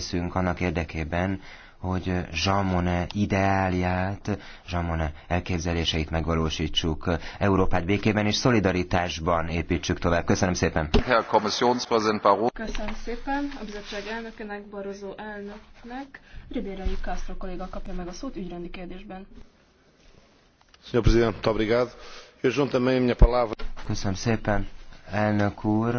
teszünk annak érdekében, hogy Jean Monnet ideálját, Jean Monnet elképzeléseit megvalósítsuk. Európát békében és szolidaritásban építsük tovább. Köszönöm szépen. Köszönöm szépen a bizottság elnökének, Barozó elnöknek. Ribérai Castro kolléga kapja meg a szót ügyrendi kérdésben. Köszönöm szépen, elnök úr.